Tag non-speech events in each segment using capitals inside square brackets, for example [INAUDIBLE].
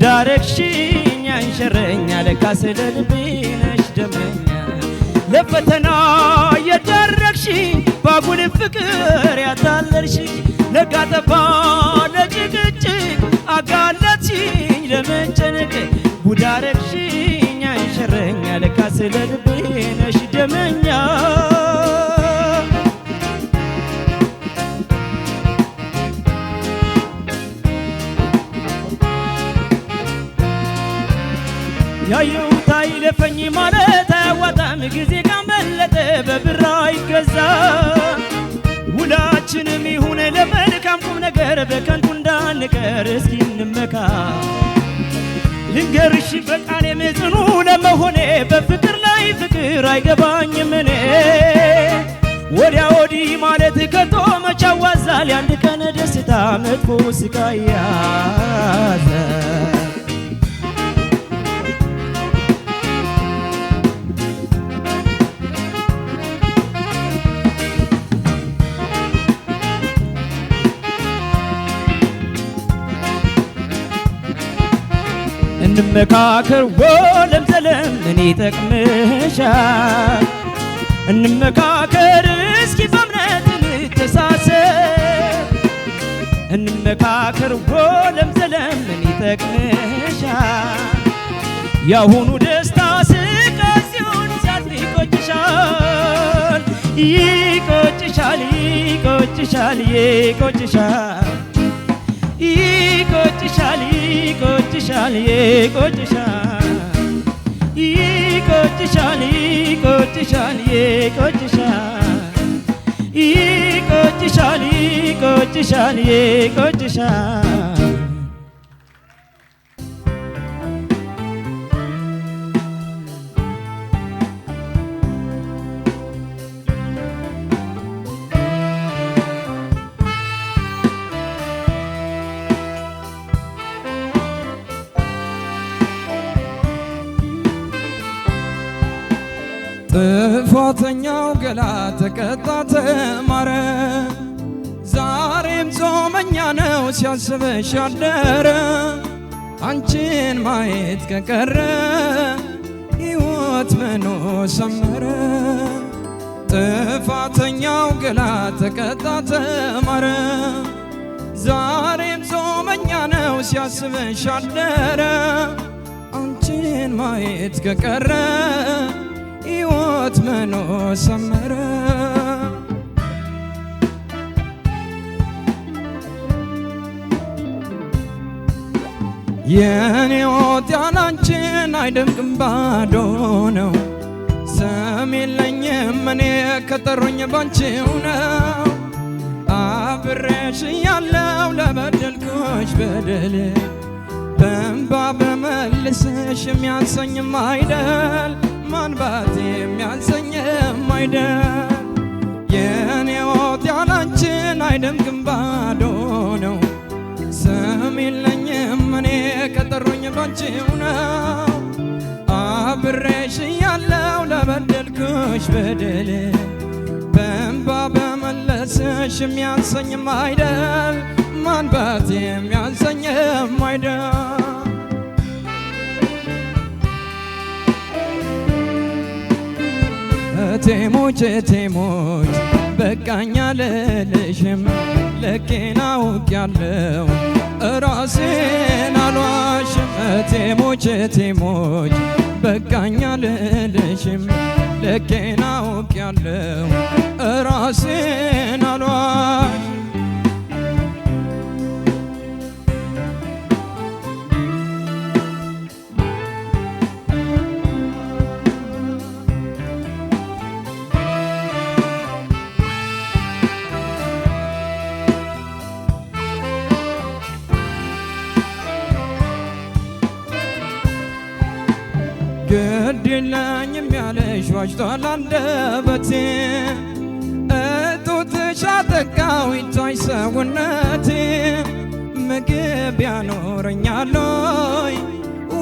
ጉድ አረግሽኝ አንሸረኛ ለካ ስለ ልቤ ነሽ ደምረኛ ለፈተና የዳረግሽኝ ባጉል ፍቅር ያታለልሽኝ ለጋ ጠባ ነገር በከንቱ እንዳንቀር እስኪ እንመካ። ልንገርሽ በቃሌ ምጽኑ ለመሆኔ በፍቅር ላይ ፍቅር አይገባኝም እኔ ወዲያ ወዲህ ማለት ከቶ መቻዋዛል ያንድ የአንድ ቀን ደስታ መጥፎ ስቃይ እንመካከር ወለምዘለም ምን ይጠቅምሻል? እንመካከር እስኪ በእምነት እንተሳሰብ። እንመካከር ወለምዘለም ምን ይጠቅምሻል? ያሁኑ ደስታ ስቀት ሲሆን ሲያልፍ ይቆጭሻል፣ ይቆጭሻል፣ ይቆጭሻል፣ ይቆጭሻል ይቆጭሻል ይቆጭሻል ይቆጭሻል ይቆጭሻል ይቆጭሻል ይቆጭሻል ይቆጭሻል ይቆጭሻል ይቆጭሻል ሶስተኛው ገላ ተቀጣ ተማረ። ዛሬም ጾመኛ ነው ሲያስበሽ ያደረ አንቺን ማየት ከቀረ ሕይወት ምኑ ሰመረ? ጥፋተኛው ገላ ተቀጣ ተማረ። ዛሬም ጾመኛ ነው ሲያስበሽ አደረ። አንቺን ማየት ከቀረ ሕይወት መኖ ሰመረ የኔ ሕይወት ያላንቺን አይደምቅም ባዶ ነው። ስም የለኝም እኔ ከጠሩኝ ባንቺው ነው። አብሬሽ ያለው ለበደልኩሽ በደል በእንባ በመልስሽ የሚያንሰኝም አይደል ማንባት የሚያንሰኝ አይደል የኔ ወት ያላችን አይደምቅም ባዶ ነው። ስም የለኝም እኔ ቀጠሮኝ ባንቺው ነው። አብሬሽ እያለሁ ለበደልኩሽ በደል በእንባ በመለስሽ የሚያንሰኝም አይደል ማንባት የሚያንሰኝም አይደል እቴሞች እቴሞች በቃኛ ልልሽም ለኬና ውቅ ያለው እራሴን አልዋሽም። እቴሞች እቴሞች በቃኛ ልልሽም ለኬና ውቅ ያለው እራሴን አልዋሽ የለኝም ያለሽ ዋጅቷል አንደበቴ እጦትሽ አጠቃው ይታይ ሰውነቴ ምግብ ያኖረኛል ወይ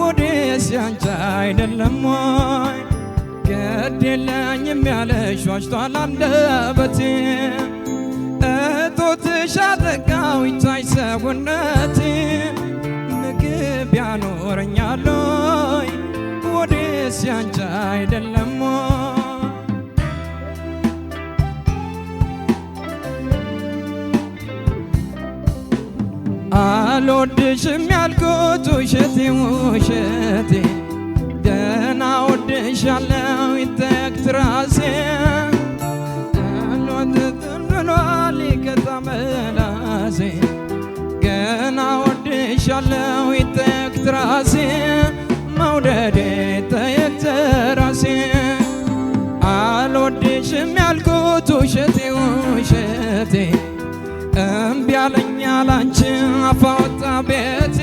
ወዴስ ያንቺ አይደለም ወይ ግድ የለኝም ያለሽ ዋጅቷል አንደበቴ እጦትሽ አጠቃው ይታይ ሰውነቴ ምግብ ያኖረኛል ልቤስ ያንቺ አይደለም አልወድሽም ያልኩት ውሸቴ ውሸቴ ገና ወድሻለው ይጠቅት ራሴ ሎትትንሏል ገና ወድሻለው ይጠቅት ራሴ መውደዴ ለራሴ አልወድሽም ያልኩት ውሸቴ ውሸቴ እምቢ አለኝ ላንቺ አፍ ቤቴ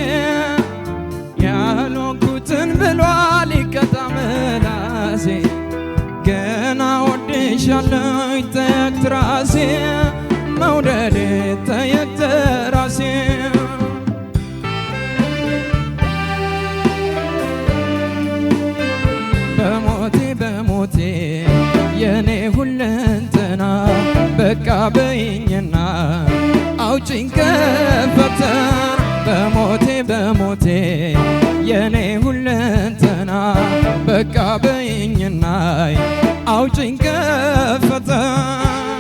ብሏል ይቀጣ ገና ወድሻለሁ ይጠየቅ ትራሴ ይጠየቅ ትራሴ በቃ በይኝና አውጭኝ ከፈተና በሞቴ በሞቴ የኔ ሁለንተና በቃ በይኝና አውጭኝ ከፈተና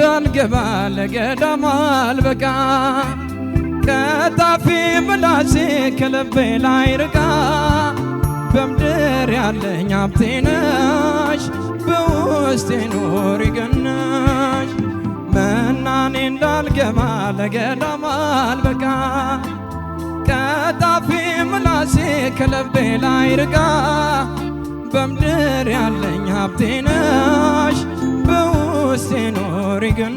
እንዳልገባ ለገዳማ አልበቃ ቀጣፊ ምላሴ ከልቤ ላይ ርቃ በምድር ያለኝ ሀብቴ ነሽ በውስጤ ኖር ገነሽ መናኔ እንዳልገባ ለገዳማ አልበቃ ቀጣፊ ምላሴ ከልቤ ላይ ርቃ በምድር ያለኝ ሀብቴ ነሽ ውስጤ ኖሪ ግን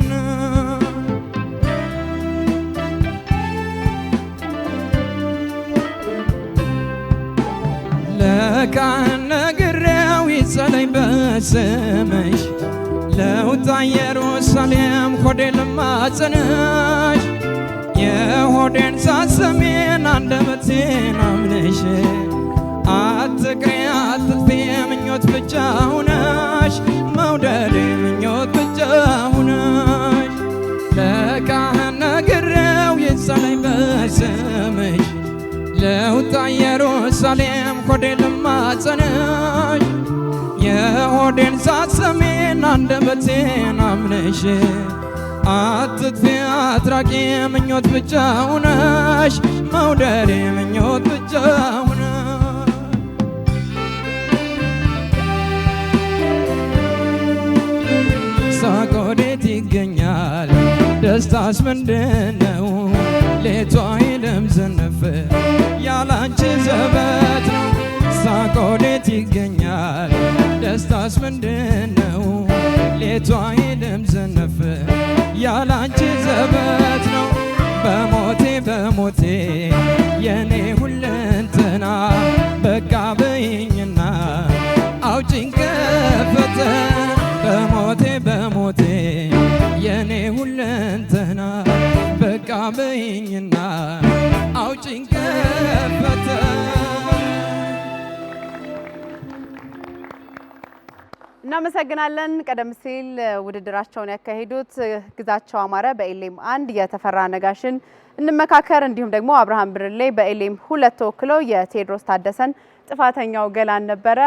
ለካ ነግሬው ይጸለይ በስምሽ ለውጣ ኢየሩሳሌም ሆዴን ልማጽንሽ የሆዴን ሳሰሜን አንደበቴን አምነሽ አትቅሪ አትጥፊ ምኞት ብቻ ሁነሽ ኢየሩሳሌም ሆዴን ልማጸንሽ የሆዴን ዛት ሰሜን አንደበቴን አምነሽ አትጥፊ አትራቂ ምኞት ብቻ ሁነሽ መውደዴ ምኞት ብቻ ሁነ ሳቅ ወዴት ይገኛል? ደስታስ ምንድነው? ሌቷ ይለም ዘነፈ ሌላስ ምንድን ነው? ሌቷ አይልም ዘነፍ ያላንቺ ዘበት ነው በሞቴ በሞቴ የኔ ሁለንተና በቃ በይኝና አውጭኝ ከፈተ በሞቴ በሞቴ የኔ ሁለንተና በቃ በይኝና እናመሰግናለን። ቀደም ሲል ውድድራቸውን ያካሄዱት ግዛቸው አማረ በኤሌም አንድ የተፈራ ነጋሽን እንመካከር እንዲሁም ደግሞ አብርሃም ብርሌ በኤሌም ሁለት ተወክለው የቴዎድሮስ ታደሰን ጥፋተኛው ገላን ነበረ።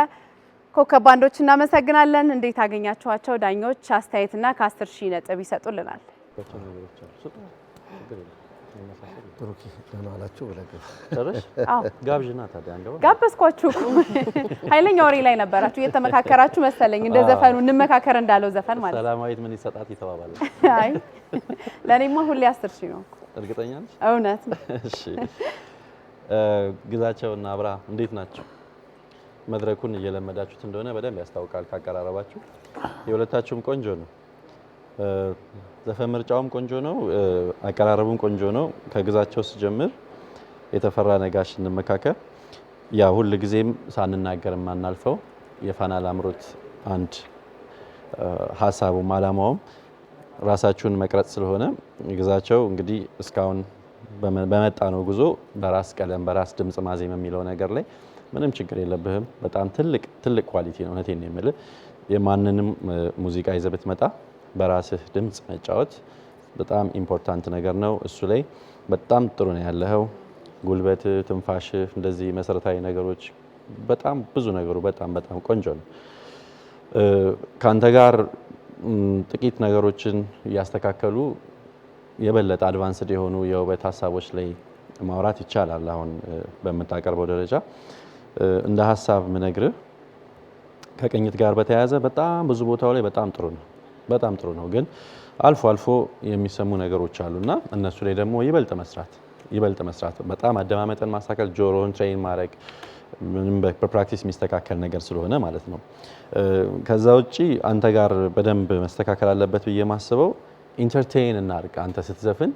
ኮከብ ባንዶች እናመሰግናለን። እንዴት አገኛችኋቸው? ዳኞች አስተያየትና ከአስር ሺህ ነጥብ ይሰጡልናል። ብሩኬ ደህና ዋላችሁ ብለህ ግባ። [LAUGHS] ጋብዥና ታዲያ ጋበዝኳችሁ። [LAUGHS] ኃይለኛ ወሬ ላይ ነበራችሁ እየተመካከራችሁ መሰለኝ። እንደ ዘፈኑ እንመካከር እንዳለው ዘፈን ማለት ሰላማዊት ምን ይሰጣት ይተባባለ። አይ [LAUGHS] ለእኔማ ሁሌ አስር ሺህ ነው። እርግጠኛ ነሽ? እውነት እሺ ግዛቸውና አብራ እንዴት ናቸው? መድረኩን እየለመዳችሁት እንደሆነ በደንብ ያስታውቃል ካቀራረባችሁ። የሁለታችሁም ቆንጆ ነው። ዘፈን ምርጫውም ቆንጆ ነው፣ አቀራረቡም ቆንጆ ነው። ከግዛቸው ስጀምር የተፈራ ነጋሽ እንመካከል ያ ሁል ጊዜም ሳንናገር የማናልፈው የፋና ላምሮት አንድ ሀሳቡም አላማውም ራሳችሁን መቅረጽ ስለሆነ ግዛቸው እንግዲህ እስካሁን በመጣ ነው ጉዞ በራስ ቀለም በራስ ድምፅ ማዜም የሚለው ነገር ላይ ምንም ችግር የለብህም። በጣም ትልቅ ትልቅ ኳሊቲ ነው። እውነቴን ነው የምልህ። የማንንም ሙዚቃ ይዘህ ብትመጣ በራስህ ድምፅ መጫወት በጣም ኢምፖርታንት ነገር ነው። እሱ ላይ በጣም ጥሩ ነው ያለኸው። ጉልበት፣ ትንፋሽ እንደዚህ መሰረታዊ ነገሮች በጣም ብዙ ነገሩ በጣም በጣም ቆንጆ ነው። ከአንተ ጋር ጥቂት ነገሮችን እያስተካከሉ የበለጠ አድቫንስድ የሆኑ የውበት ሀሳቦች ላይ ማውራት ይቻላል። አሁን በምታቀርበው ደረጃ እንደ ሀሳብ ምነግርህ ከቅኝት ጋር በተያያዘ በጣም ብዙ ቦታው ላይ በጣም ጥሩ ነው በጣም ጥሩ ነው። ግን አልፎ አልፎ የሚሰሙ ነገሮች አሉና እነሱ ላይ ደግሞ ይበልጥ መስራት ይበልጥ መስራት በጣም አደማመጠን ማስተካከል፣ ጆሮን ትሬን ማድረግ በፕራክቲስ የሚስተካከል ነገር ስለሆነ ማለት ነው። ከዛ ውጭ አንተ ጋር በደንብ መስተካከል አለበት ብዬ ማስበው ኢንተርቴይን እናድርግ። አንተ ስትዘፍን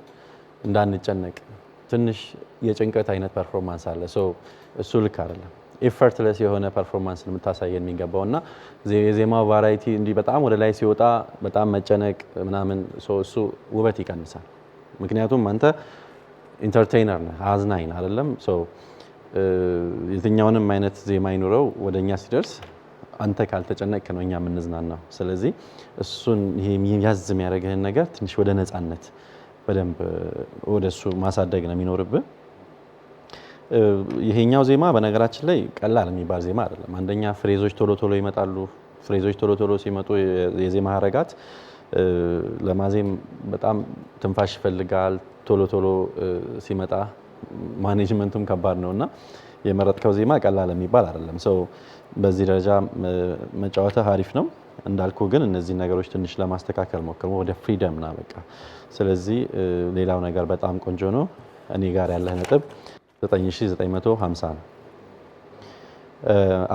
እንዳንጨነቅ ትንሽ የጭንቀት አይነት ፐርፎርማንስ አለ። እሱ ልክ አይደለም። ኤፈርትለስ የሆነ ፐርፎርማንስ የምታሳየን የሚገባው እና የዜማው ቫራይቲ እንዲህ በጣም ወደ ላይ ሲወጣ በጣም መጨነቅ ምናምን እሱ ውበት ይቀንሳል። ምክንያቱም አንተ ኢንተርቴይነር ነህ፣ አዝናኝ አይደለም። የትኛውንም አይነት ዜማ ይኑረው ወደ እኛ ሲደርስ አንተ ካልተጨነቅ ነው እኛ የምንዝናናው። ስለዚህ እሱን ያዝ የሚያደርግህን ነገር ትንሽ ወደ ነፃነት በደንብ ወደ እሱ ማሳደግ ነው የሚኖርብህ። ይሄኛው ዜማ በነገራችን ላይ ቀላል የሚባል ዜማ አይደለም። አንደኛ ፍሬዞች ቶሎ ቶሎ ይመጣሉ። ፍሬዞች ቶሎ ቶሎ ሲመጡ የዜማ ሀረጋት ለማዜም በጣም ትንፋሽ ይፈልጋል። ቶሎ ቶሎ ሲመጣ ማኔጅመንቱም ከባድ ነው እና የመረጥከው ዜማ ቀላል የሚባል አይደለም። ሰው በዚህ ደረጃ መጫወተ አሪፍ ነው። እንዳልኩ ግን እነዚህ ነገሮች ትንሽ ለማስተካከል ሞክር፣ ወደ ፍሪደም ና በቃ። ስለዚህ ሌላው ነገር በጣም ቆንጆ ነው። እኔ ጋር ያለህ ነጥብ 9950 ነው።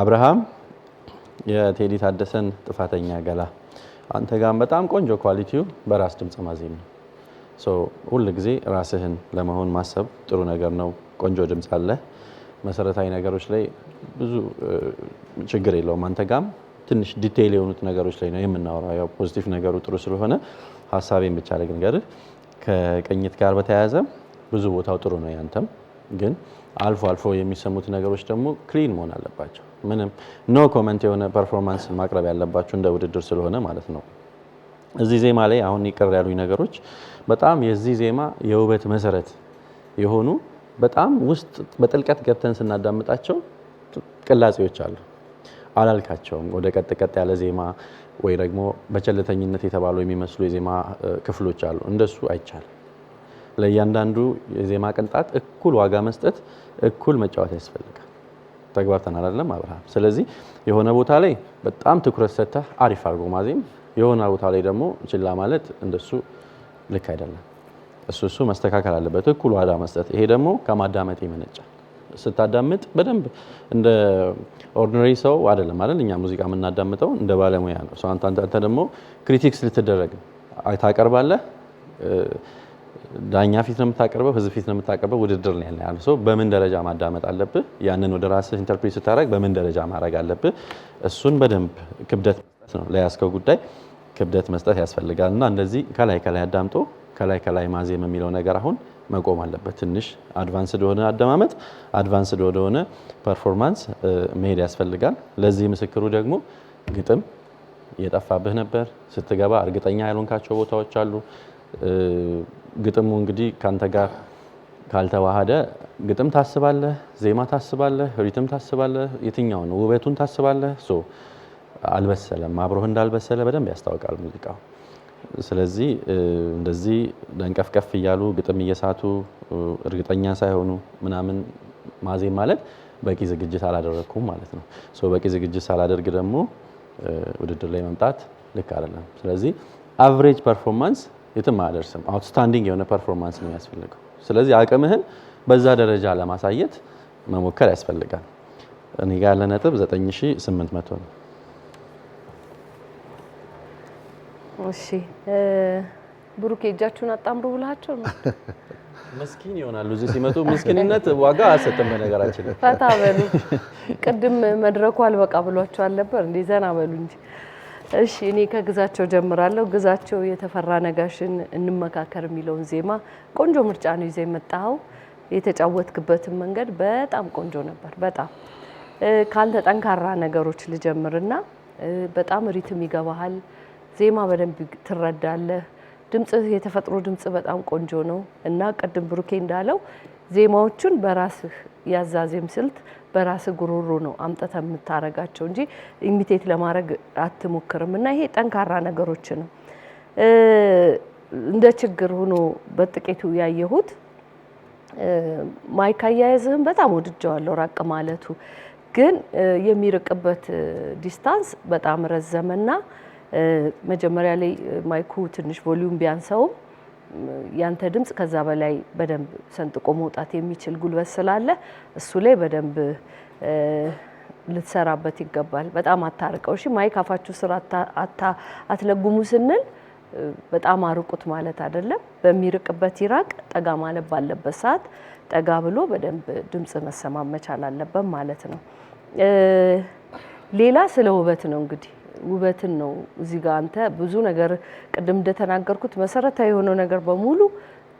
አብርሃም የቴዲ ታደሰን ጥፋተኛ ገላ አንተ ጋር በጣም ቆንጆ ኳሊቲው በራስ ድምፅ ማዜም ነው። ሁል ጊዜ ራስህን ለመሆን ማሰብ ጥሩ ነገር ነው። ቆንጆ ድምፅ አለ። መሰረታዊ ነገሮች ላይ ብዙ ችግር የለውም። አንተ ጋም ትንሽ ዲቴይል የሆኑት ነገሮች ላይ ነው የምናወራው። ያው ፖዚቲቭ ነገሩ ጥሩ ስለሆነ ሀሳቤን ብቻ ልንገርህ። ከቅኝት ጋር በተያያዘ ብዙ ቦታው ጥሩ ነው ያንተም ግን አልፎ አልፎ የሚሰሙት ነገሮች ደግሞ ክሊን መሆን አለባቸው። ምንም ኖ ኮመንት የሆነ ፐርፎርማንስ ማቅረብ ያለባቸው እንደ ውድድር ስለሆነ ማለት ነው። እዚህ ዜማ ላይ አሁን ይቀር ያሉኝ ነገሮች በጣም የዚህ ዜማ የውበት መሰረት የሆኑ በጣም ውስጥ በጥልቀት ገብተን ስናዳምጣቸው ቅላጼዎች አሉ። አላልካቸውም። ወደ ቀጥቀጥ ያለ ዜማ ወይ ደግሞ በቸልተኝነት የተባሉ የሚመስሉ የዜማ ክፍሎች አሉ። እንደሱ አይቻልም። ለእያንዳንዱ የዜማ ቅንጣት እኩል ዋጋ መስጠት፣ እኩል መጫወት ያስፈልጋል። ተግባብተን አይደለም አብርሃም? ስለዚህ የሆነ ቦታ ላይ በጣም ትኩረት ሰጥተህ አሪፍ አድርጎ ማዜም፣ የሆነ ቦታ ላይ ደግሞ ችላ ማለት እንደሱ ልክ አይደለም። እሱ እሱ መስተካከል አለበት፣ እኩል ዋጋ መስጠት። ይሄ ደግሞ ከማዳመጥ ይመነጫል። ስታዳምጥ በደንብ እንደ ኦርዲነሪ ሰው አይደለም አይደል? እኛ ሙዚቃ የምናዳምጠው እንደ ባለሙያ ነው። አንተ ደግሞ ክሪቲክስ ልትደረግ ታቀርባለህ ዳኛ ፊት ነው የምታቀርበው፣ ህዝብ ፊት ነው የምታቀርበው፣ ውድድር ነው ያለ ሰው በምን ደረጃ ማዳመጥ አለብህ፣ ያንን ወደ ራስህ ኢንተርፕሬት ስታደርግ በምን ደረጃ ማድረግ አለብህ፣ እሱን በደንብ ክብደት መስጠት ነው ለያዝከው ጉዳይ ክብደት መስጠት ያስፈልጋል። እና እንደዚህ ከላይ ከላይ አዳምጦ ከላይ ከላይ ማዜም የሚለው ነገር አሁን መቆም አለበት። ትንሽ አድቫንስድ ወደሆነ አደማመጥ፣ አድቫንስድ ወደሆነ ፐርፎርማንስ መሄድ ያስፈልጋል። ለዚህ ምስክሩ ደግሞ ግጥም የጠፋብህ ነበር ስትገባ እርግጠኛ ያልሆንካቸው ቦታዎች አሉ ግጥሙ እንግዲህ ከአንተ ጋር ካልተዋሃደ ግጥም ታስባለህ፣ ዜማ ታስባለህ፣ ሪትም ታስባለህ። የትኛው ነው? ውበቱን ታስባለህ። ሶ አልበሰለም፣ አብሮህ እንዳልበሰለ በደንብ ያስታውቃል ሙዚቃው። ስለዚህ እንደዚህ ደንቀፍቀፍ እያሉ ግጥም እየሳቱ እርግጠኛ ሳይሆኑ ምናምን ማዜም ማለት በቂ ዝግጅት አላደረግኩም ማለት ነው። ሶ በቂ ዝግጅት ሳላደርግ ደግሞ ውድድር ላይ መምጣት ልክ አይደለም። ስለዚህ አቨሬጅ ፐርፎርማንስ የትም አያደርስም። አውትስታንዲንግ የሆነ ፐርፎርማንስ ነው የሚያስፈልገው። ስለዚህ አቅምህን በዛ ደረጃ ለማሳየት መሞከር ያስፈልጋል። እኔ ያለ ነጥብ 9800 ነው። እሺ ብሩክ የእጃችሁን አጣምሩ ብላቸው ነው። [LAUGHS] ምስኪን ይሆናሉ እዚህ ሲመጡ። ምስኪንነት ዋጋ አሰጥም። በነገራችን ፈታ በሉ። ቅድም መድረኩ አልበቃ ብሏቸው አልነበር እንዴ? ዘና በሉ እንጂ እሺ እኔ ከግዛቸው ጀምራለሁ። ግዛቸው የተፈራ ነጋሽን እንመካከር የሚለውን ዜማ ቆንጆ ምርጫ ነው ይዘ የመጣኸው። የተጫወትክበትን መንገድ በጣም ቆንጆ ነበር። በጣም ከአንተ ጠንካራ ነገሮች ልጀምርና በጣም ሪትም ይገባሃል፣ ዜማ በደንብ ትረዳለህ። ድምጽ የተፈጥሮ ድምጽ በጣም ቆንጆ ነው እና ቅድም ብሩኬ እንዳለው ዜማዎቹን በራስህ ያዛዜም ስልት በራስ ጉሮሮ ነው አምጠተ የምታረጋቸው እንጂ ኢሚቴት ለማድረግ አትሞክርም። እና ይሄ ጠንካራ ነገሮች ነው። እንደ ችግር ሆኖ በጥቂቱ ያየሁት ማይክ አያያዝህን በጣም ወድጀዋለሁ። ራቅ ማለቱ ግን የሚርቅበት ዲስታንስ በጣም ረዘመና መጀመሪያ ላይ ማይኩ ትንሽ ቮሊዩም ቢያንሰውም ያንተ ድምፅ ከዛ በላይ በደንብ ሰንጥቆ መውጣት የሚችል ጉልበት ስላለ እሱ ላይ በደንብ ልትሰራበት ይገባል። በጣም አታርቀው። እሺ ማይክ አፋችሁ ስራ አትለጉሙ ስንል በጣም አርቁት ማለት አይደለም። በሚርቅበት ይራቅ፣ ጠጋ ማለት ባለበት ሰዓት ጠጋ ብሎ በደንብ ድምጽ መሰማት መቻል አለበት ማለት ነው። ሌላ ስለ ውበት ነው እንግዲህ ውበትን ነው። እዚህ ጋር አንተ ብዙ ነገር ቅድም እንደተናገርኩት መሰረታዊ የሆነው ነገር በሙሉ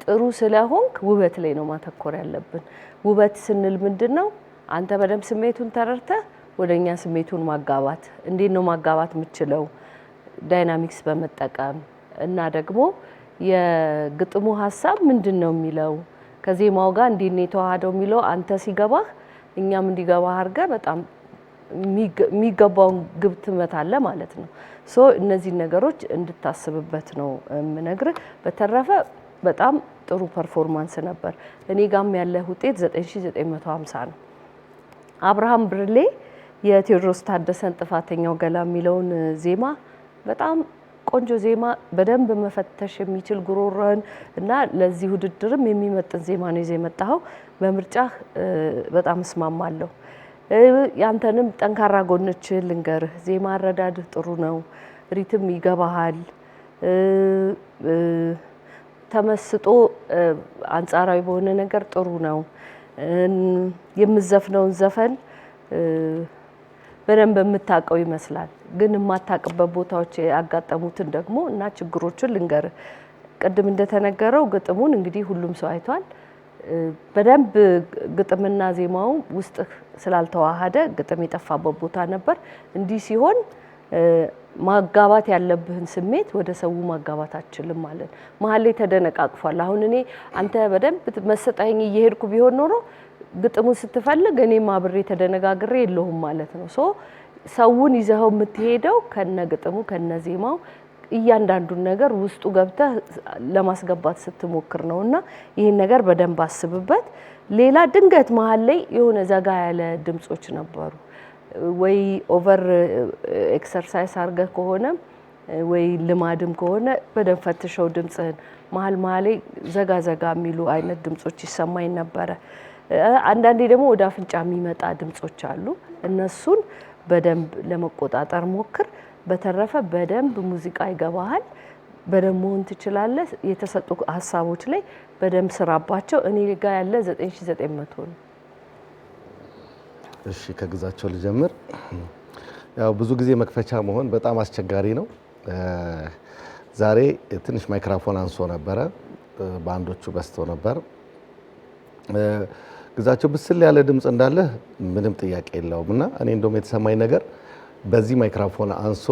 ጥሩ ስለሆንክ ውበት ላይ ነው ማተኮር ያለብን። ውበት ስንል ምንድን ነው? አንተ በደንብ ስሜቱን ተረድተህ ወደ እኛ ስሜቱን ማጋባት፣ እንዴት ነው ማጋባት የምችለው? ዳይናሚክስ በመጠቀም እና ደግሞ የግጥሙ ሀሳብ ምንድን ነው የሚለው ከዜማው ጋር እንዴት ነው የተዋሃደው የሚለው አንተ ሲገባህ እኛም እንዲገባህ አድርገህ በጣም የሚገባውን ግብ ትመታለህ ማለት ነው። ሶ እነዚህን ነገሮች እንድታስብበት ነው የምነግርህ። በተረፈ በጣም ጥሩ ፐርፎርማንስ ነበር። እኔ ጋም ያለ ውጤት 9950 ነው። አብርሃም ብርሌ የቴዎድሮስ ታደሰን ጥፋተኛው ገላ የሚለውን ዜማ በጣም ቆንጆ ዜማ፣ በደንብ መፈተሽ የሚችል ጉሮሮህን እና ለዚህ ውድድርም የሚመጥን ዜማ ነው ይዘህ የመጣኸው። በምርጫህ በጣም እስማማለሁ። ያንተንም ጠንካራ ጎኖችህን ልንገርህ። ዜማ አረዳድህ ጥሩ ነው፣ ሪትም ይገባሃል። ተመስጦ አንጻራዊ በሆነ ነገር ጥሩ ነው። የምዘፍነውን ዘፈን በደንብ የምታውቀው ይመስላል፣ ግን የማታውቅበት ቦታዎች ያጋጠሙትን ደግሞ እና ችግሮቹን ልንገርህ። ቅድም እንደተነገረው ግጥሙን እንግዲህ ሁሉም ሰው አይቷል። በደንብ ግጥምና ዜማው ውስጥ ስላልተዋሃደ ግጥም የጠፋበት ቦታ ነበር። እንዲህ ሲሆን ማጋባት ያለብህን ስሜት ወደ ሰው ማጋባት አችልም ማለት መሀል ላይ ተደነቃቅፏል። አሁን እኔ አንተ በደንብ መሰጠኝ እየሄድኩ ቢሆን ኖሮ ግጥሙን ስትፈልግ እኔም አብሬ ተደነጋግሬ የለሁም ማለት ነው። ሶ ሰውን ይዘኸው የምትሄደው ከነ ግጥሙ ከነ ዜማው እያንዳንዱን ነገር ውስጡ ገብተህ ለማስገባት ስትሞክር ነው እና ይህን ነገር በደንብ አስብበት። ሌላ ድንገት መሀል ላይ የሆነ ዘጋ ያለ ድምጾች ነበሩ ወይ ኦቨር ኤክሰርሳይዝ አድርገህ ከሆነ ወይ ልማድም ከሆነ በደንብ ፈትሸው ድምፅህን። መሀል መሀል ላይ ዘጋ ዘጋ የሚሉ አይነት ድምጾች ይሰማኝ ነበረ። አንዳንዴ ደግሞ ወደ አፍንጫ የሚመጣ ድምጾች አሉ። እነሱን በደንብ ለመቆጣጠር ሞክር። በተረፈ በደንብ ሙዚቃ ይገባሃል፣ በደንብ መሆን ትችላለህ። የተሰጡ ሀሳቦች ላይ በደንብ ስራባቸው። እኔ ጋር ያለ 9900 ነው። እሺ ከግዛቸው ልጀምር። ያው ብዙ ጊዜ መክፈቻ መሆን በጣም አስቸጋሪ ነው። ዛሬ ትንሽ ማይክራፎን አንሶ ነበረ፣ በአንዶቹ በስቶ ነበር። ግዛቸው ብስል ያለ ድምፅ እንዳለህ ምንም ጥያቄ የለውም እና እኔ እንደውም የተሰማኝ ነገር በዚህ ማይክሮፎን አንሶ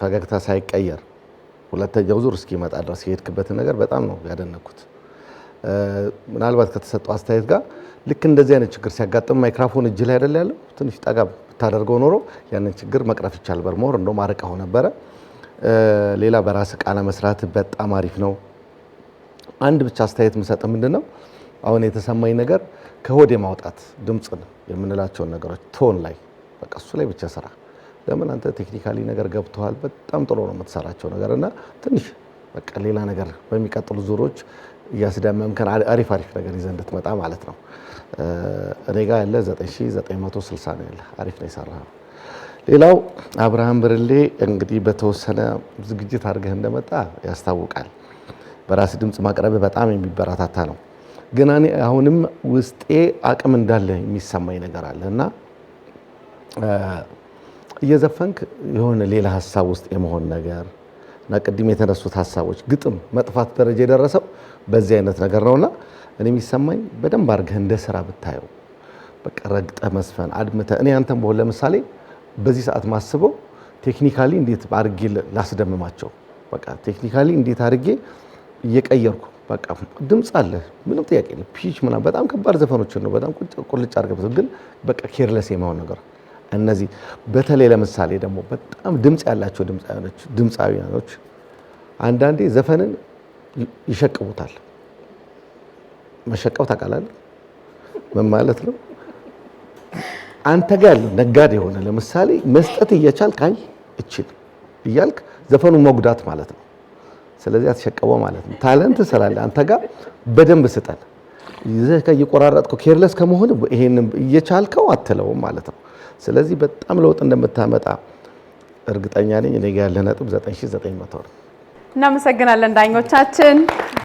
ፈገግታ ሳይቀየር ሁለተኛው ዙር እስኪመጣ ድረስ የሄድክበትን ነገር በጣም ነው ያደነኩት። ምናልባት ከተሰጠው አስተያየት ጋር ልክ እንደዚህ አይነት ችግር ሲያጋጥም ማይክሮፎን እጅ ላይ አይደል ያለው፣ ትንሽ ጠጋ ብታደርገው ኖሮ ያንን ችግር መቅረፍ ይቻል በርሞር እንደ አርቀኸው ነበረ። ሌላ በራስ ቃለ መስራት በጣም አሪፍ ነው። አንድ ብቻ አስተያየት ምሰጥ ምንድን ነው አሁን የተሰማኝ ነገር ከሆድ የማውጣት ድምፅን የምንላቸውን ነገሮች ቶን ላይ በቃ እሱ ላይ ብቻ ስራ ለምን አንተ ቴክኒካሊ ነገር ገብተዋል። በጣም ጥሩ ነው የምትሰራቸው ነገር እና ትንሽ በቃ ሌላ ነገር በሚቀጥሉ ዙሮች እያስደመምከን አሪፍ አሪፍ ነገር ይዘህ እንድትመጣ ማለት ነው። እኔ ጋ ያለ 9960 ነው ያለ አሪፍ ነው የሰራ ነው። ሌላው አብርሃም ብርሌ እንግዲህ በተወሰነ ዝግጅት አድርገህ እንደመጣ ያስታውቃል። በራስ ድምፅ ማቅረብ በጣም የሚበረታታ ነው። ግን እኔ አሁንም ውስጤ አቅም እንዳለ የሚሰማኝ ነገር አለ እና እየዘፈንክ የሆነ ሌላ ሀሳብ ውስጥ የመሆን ነገር እና ቅድም የተነሱት ሀሳቦች ግጥም መጥፋት ደረጃ የደረሰው በዚህ አይነት ነገር ነውና እኔ የሚሰማኝ በደንብ አድርገህ እንደ ስራ ብታየው በቃ ረግጠህ መስፈን አድምተህ እኔ አንተም በሆን ለምሳሌ በዚህ ሰዓት ማስበው ቴክኒካሊ እንዴት አድርጌ ላስደምማቸው በቃ ቴክኒካሊ እንዴት አድርጌ እየቀየርኩ በቃ ድምፅ አለ ምንም ጥያቄ ፒች ምናምን በጣም ከባድ ዘፈኖችን ነው በጣም ቁልጭ አድርገህ ግን በቃ ኬርለስ የመሆን ነገር እነዚህ በተለይ ለምሳሌ ደግሞ በጣም ድምፅ ያላቸው ድምፃዊያኖች አንዳንዴ ዘፈንን ይሸቅቡታል። መሸቀብ ታውቃለህ ምን ማለት ነው? አንተ ጋር ያለው ነጋዴ የሆነ ለምሳሌ መስጠት እየቻልክ አይ እችል እያልክ ዘፈኑን መጉዳት ማለት ነው። ስለዚህ አትሸቀበው ማለት ነው። ታለንት ስላለ አንተ ጋር በደንብ ስጠን። ይዘህ እየቆራረጥከው ኬርለስ ከመሆን ይሄንን እየቻልከው አትለውም ማለት ነው። ስለዚህ በጣም ለውጥ እንደምታመጣ እርግጠኛ ነኝ። እኔ ጋ ያለ ነጥብ 9900 ነው። እናመሰግናለን ዳኞቻችን።